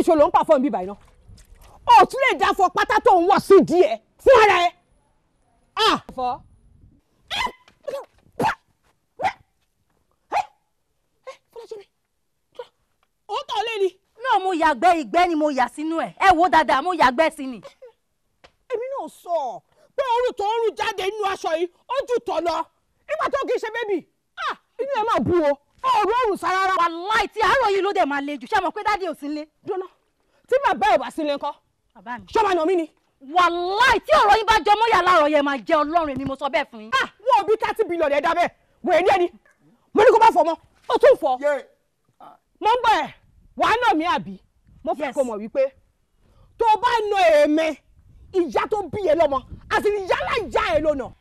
nìṣó ló ń pàfọ́ mi báyìí náà o tún lè dáfọ pátá tó ń wọ̀ sí díẹ̀ fún ara ẹ̀ ah. ó tọ̀ lé ni. náà mo yàgbẹ́ ìgbẹ́ ni mo yà sínú ẹ̀ ẹ wo dáadáa mo yàgbẹ́ sí ni. èmi náà sọ pé òórùn tó ń rùn jáde nínú aṣọ yìí ó jù tọ̀ lọ nígbà tó kì í ṣe bébì inú ẹ máa bú o òru òrùn sára rárá. wàláì tí àárọ̀ yìí ló dẹ̀ máa le jù ṣé àmọ̀ pé dáàdi ò sí nílé. dúró tí bàbá ẹ̀ wá sílé ńkọ́. bàbá mi. ṣọ́ máa nà mí ni. wàláì tí ọ̀rọ̀ yín bá jọ mọ́ yàrá ọ̀rọ̀ yẹn máa jẹ́ ọlọ́run èmi mo sọ bẹ́ẹ̀ fún yín. ah wọn bí thirty billion ẹ̀dá bẹ́ẹ̀ wọ̀ ẹ́ ní ẹni mo ní kó má fọ mọ́ ó tún fọ. mo ń bọ̀ ẹ̀ wàá nà mí àbí mo fẹ́ kó mọ̀ wípé tó o bá nà èèmẹ ìyá tó bí ẹ lọ́mọ àti ìyá láyà ẹ lọ́nà.